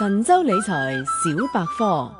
神州理財小百科，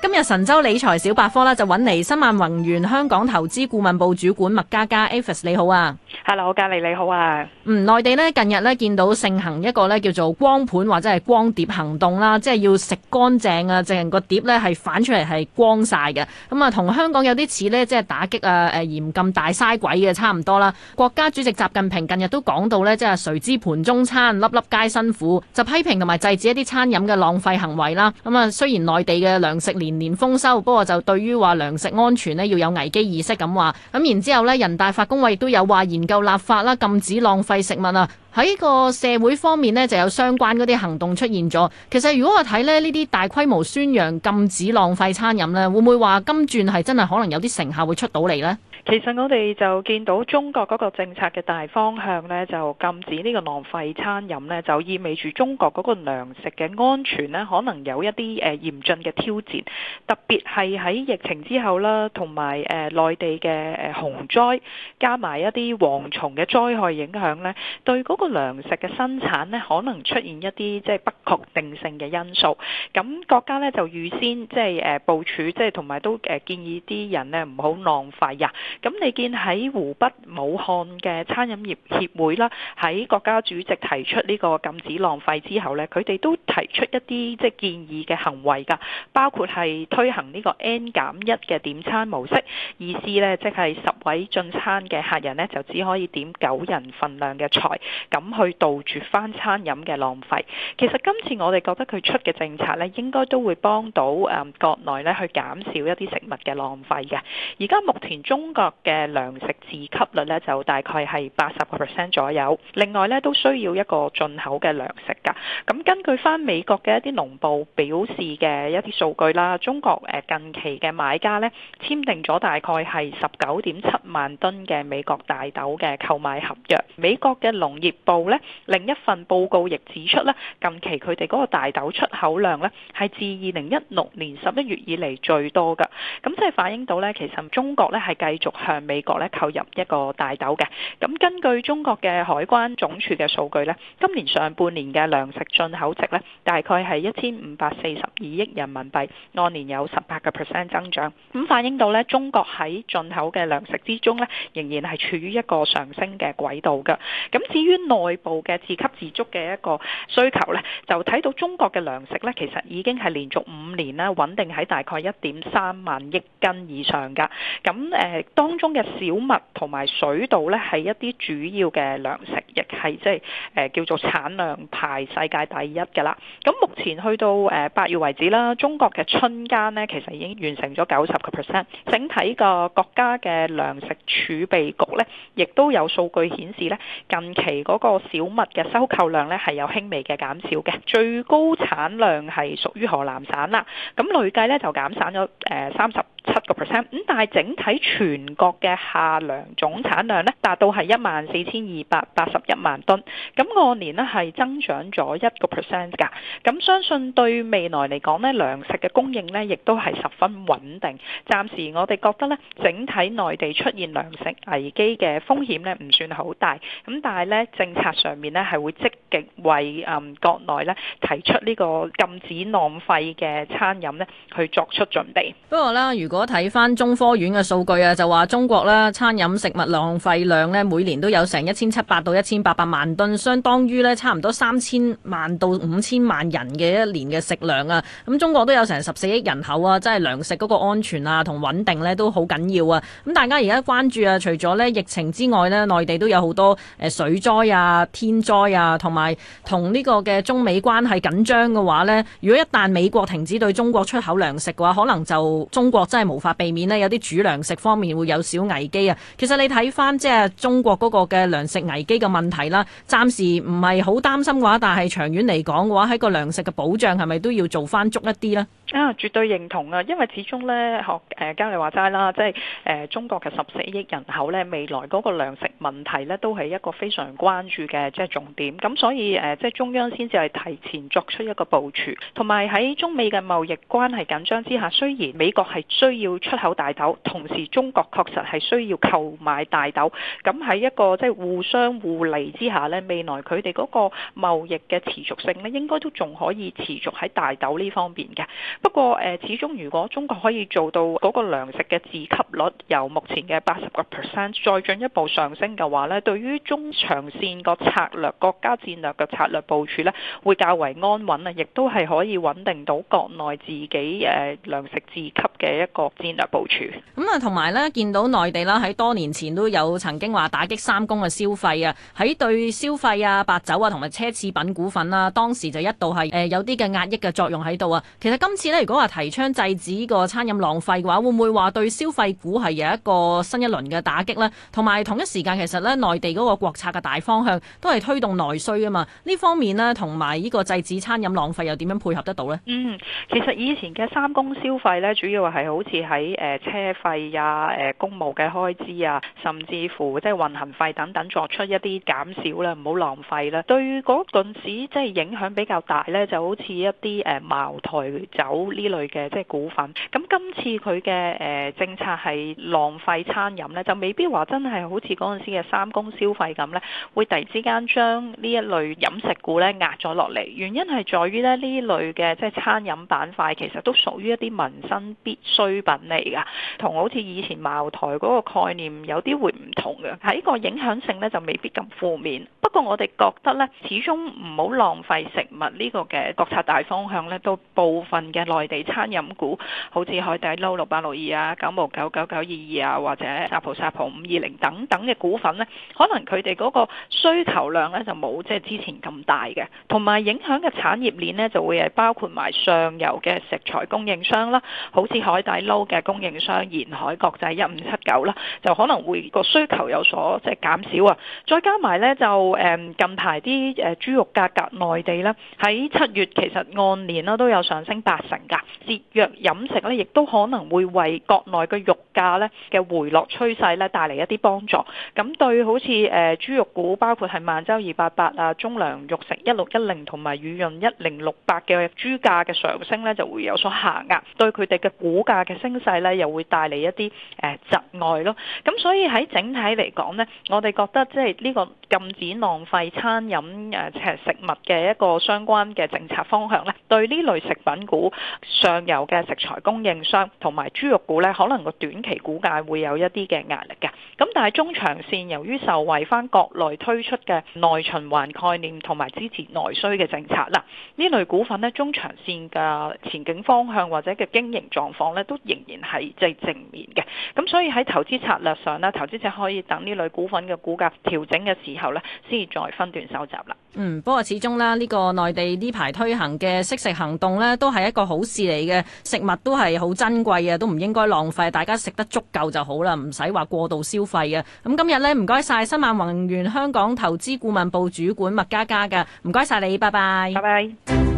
今日神州理財小百科啦就揾，嚟新萬宏源香港投資顧問部主管麥嘉嘉 Avis，你好啊！Hello 我隔籬你好啊。嗯，內地咧近日咧見到盛行一個咧叫做光盤或者係光碟行動啦，即係要食乾淨啊，淨係個碟咧係反出嚟係光晒嘅。咁啊，同香港有啲似咧，即係打擊啊誒嚴禁大嘥鬼嘅差唔多啦。國家主席習近平近日都講到咧，即係誰知盤中餐，粒粒皆辛苦，就批評同埋制止一啲餐飲嘅浪費行為啦。咁啊，雖然內地嘅糧食連年豐收，不過就對於話糧食安全咧要有危機意識咁話。咁然之後咧，人大法工委亦都有話研究。立法啦，禁止浪費食物啊！喺個社會方面呢，就有相關嗰啲行動出現咗。其實如果我睇呢啲大規模宣揚禁止浪費餐飲呢，會唔會話今轉係真係可能有啲成效會出到嚟呢？其實我哋就見到中國嗰個政策嘅大方向呢，就禁止呢個浪費餐飲呢，就意味住中國嗰個糧食嘅安全呢，可能有一啲誒嚴峻嘅挑戰。特別係喺疫情之後啦，同埋內地嘅誒洪災，加埋一啲蝗蟲嘅災害影響呢，對嗰個糧食嘅生產呢，可能出現一啲即係不確定性嘅因素。咁國家呢，就預先即係誒部署，即係同埋都誒建議啲人呢，唔好浪費啊！咁你見喺湖北武漢嘅餐飲業協會啦，喺國家主席提出呢個禁止浪費之後呢，佢哋都提出一啲即係建議嘅行為㗎，包括係推行呢個 N 減一嘅點餐模式，意思呢，即係十位進餐嘅客人呢，就只可以點九人份量嘅菜，咁去杜絕翻餐飲嘅浪費。其實今次我哋覺得佢出嘅政策呢，應該都會幫到、嗯、國內呢去減少一啲食物嘅浪費嘅。而家目前中國嘅糧食自給率咧，就大概係八十個 percent 左右，另外咧，都需要一個進口嘅糧食噶。咁根據翻美國嘅一啲農部表示嘅一啲數據啦，中國誒近期嘅買家咧，簽訂咗大概係十九點七萬噸嘅美國大豆嘅購買合約。美國嘅農業部咧另一份報告亦指出咧，近期佢哋嗰個大豆出口量咧係自二零一六年十一月以嚟最多噶。咁即係反映到咧，其實中國咧係繼續。向美國咧購入一個大豆嘅。咁根據中國嘅海關總署嘅數據呢，今年上半年嘅糧食進口值呢，大概係一千五百四十二億人民幣，按年有十八個 percent 增長，咁反映到呢，中國喺進口嘅糧食之中呢，仍然係處於一個上升嘅軌道㗎。咁至於內部嘅自給自足嘅一個需求呢，就睇到中國嘅糧食呢，其實已經係連續五年咧穩定喺大概一點三萬億斤以上㗎。咁誒當中嘅小麥同埋水稻咧，係一啲主要嘅糧食，亦係即係誒叫做產量排世界第一嘅啦。咁目前去到誒八月為止啦，中國嘅春耕咧，其實已經完成咗九十個 percent。整體個國家嘅糧食儲備局呢，亦都有數據顯示咧，近期嗰個小麥嘅收購量咧係有輕微嘅減少嘅。最高產量係屬於河南省啦。咁累計呢，就減省咗誒三十、呃七個 percent，咁但係整體全國嘅夏糧總產量咧，達到係一萬四千二百八十一萬噸，咁按年咧係增長咗一個 percent 噶，咁相信對未來嚟講咧，糧食嘅供應咧，亦都係十分穩定。暫時我哋覺得咧，整體內地出現糧食危機嘅風險咧，唔算好大。咁但係咧，政策上面咧係會積極為誒國內咧提出呢個禁止浪費嘅餐飲咧，去作出準備，不過啦，如果如果睇翻中科院嘅數據啊，就話中國咧餐飲食物浪費量咧每年都有成一千七百到一千八百萬噸，相當於咧差唔多三千萬到五千萬人嘅一年嘅食糧啊。咁中國都有成十四億人口啊，即係糧食嗰個安全啊同穩定咧都好緊要啊。咁大家而家關注啊，除咗咧疫情之外呢，內地都有好多誒水災啊、天災啊，同埋同呢個嘅中美關係緊張嘅話咧，如果一旦美國停止對中國出口糧食嘅話，可能就中國真的真係無法避免呢。有啲主糧食方面會有少危機啊！其實你睇翻即係中國嗰個嘅糧食危機嘅問題啦，暫時唔係好擔心嘅話，但係長遠嚟講嘅話，喺個糧食嘅保障係咪都要做翻足一啲呢？啊，絕對認同啊！因為始終呢，學誒嘉莉話齋啦，即係、呃、中國嘅十四億人口呢，未來嗰個糧食問題呢，都係一個非常關注嘅即係重點。咁所以、呃、即係中央先至係提前作出一個部署，同埋喺中美嘅貿易關係緊張之下，雖然美國係需要出口大豆，同時中國確實係需要購買大豆。咁喺一個即係互相互利之下呢，未來佢哋嗰個貿易嘅持續性呢，應該都仲可以持續喺大豆呢方面嘅。不過誒，始終如果中國可以做到嗰個糧食嘅自給率由目前嘅八十個 percent 再進一步上升嘅話咧，對於中長線個策略、國家戰略嘅策略部署咧，會較為安穩啊，亦都係可以穩定到國內自己誒糧食自給嘅一個戰略部署。咁啊，同埋咧，見到內地啦，喺多年前都有曾經話打擊三公嘅消費啊，喺對消費啊、白酒啊同埋奢侈品股份啦，當時就一度係誒有啲嘅壓抑嘅作用喺度啊。其實今次，如果話提倡制止個餐飲浪費嘅話，會唔會話對消費股係有一個新一輪嘅打擊呢？同埋同一時間，其實咧內地嗰個國策嘅大方向都係推動內需啊嘛。呢方面呢，同埋呢個制止餐飲浪費又點樣配合得到呢？嗯，其實以前嘅三公消費呢，主要係好似喺誒車費啊、誒公務嘅開支啊，甚至乎即係運行費等等作出一啲減少啦，唔好浪費啦。對嗰陣時即係影響比較大呢，就好似一啲誒茅台酒。好呢類嘅即係股份，咁今次佢嘅、呃、政策係浪費餐飲咧，就未必話真係好似嗰陣時嘅三公消費咁咧，會突然之間將呢一類飲食股咧壓咗落嚟。原因係在於咧呢類嘅即係餐飲板塊，其實都屬於一啲民生必需品嚟噶，同好似以前茅台嗰個概念有啲會唔同嘅。喺個影響性咧就未必咁負面，不過我哋覺得咧，始終唔好浪費食物呢個嘅國策大方向咧，都部分嘅。內地餐飲股，好似海底撈六八六二啊、九毛九九九二二啊，或者呷哺呷哺五二零等等嘅股份呢，可能佢哋嗰個需求量呢就冇即係之前咁大嘅，同埋影響嘅產業鏈呢，就會係包括埋上游嘅食材供應商啦，好似海底撈嘅供應商沿海國際一五七九啦，就可能會嗰個需求有所即係減少啊。再加埋呢，就誒近排啲誒豬肉價格內地呢喺七月其實按年都有上升八成。噶節約飲食咧，亦都可能會為國內嘅肉價咧嘅回落趨勢咧帶嚟一啲幫助。咁對好似誒、呃、豬肉股，包括係萬洲二八八啊、中糧肉食一六一零同埋雨潤一零六八嘅豬價嘅上升咧，就會有所下壓，對佢哋嘅股價嘅升勢咧，又會帶嚟一啲誒窒礙咯。咁所以喺整體嚟講呢，我哋覺得即係呢個禁止浪費餐飲誒食物嘅一個相關嘅政策方向咧，對呢類食品股。上游嘅食材供應商同埋豬肉股呢，可能個短期股價會有一啲嘅壓力嘅。咁但係中長線，由於受惠翻國內推出嘅內循環概念同埋支持內需嘅政策啦，呢類股份呢，中長線嘅前景方向或者嘅經營狀況呢，都仍然係即係正面嘅。咁所以喺投資策略上呢，投資者可以等呢類股份嘅股價調整嘅時候呢，先再分段收集啦。嗯，不過始終啦，呢個內地呢排推行嘅惜食行動呢，都係一個。好事嚟嘅，食物都係好珍貴啊，都唔應該浪費，大家食得足夠就好啦，唔使話過度消費啊。咁今日呢，唔該晒申萬宏源香港投資顧問部主管麥嘉嘉噶，唔該晒你，拜拜。拜拜。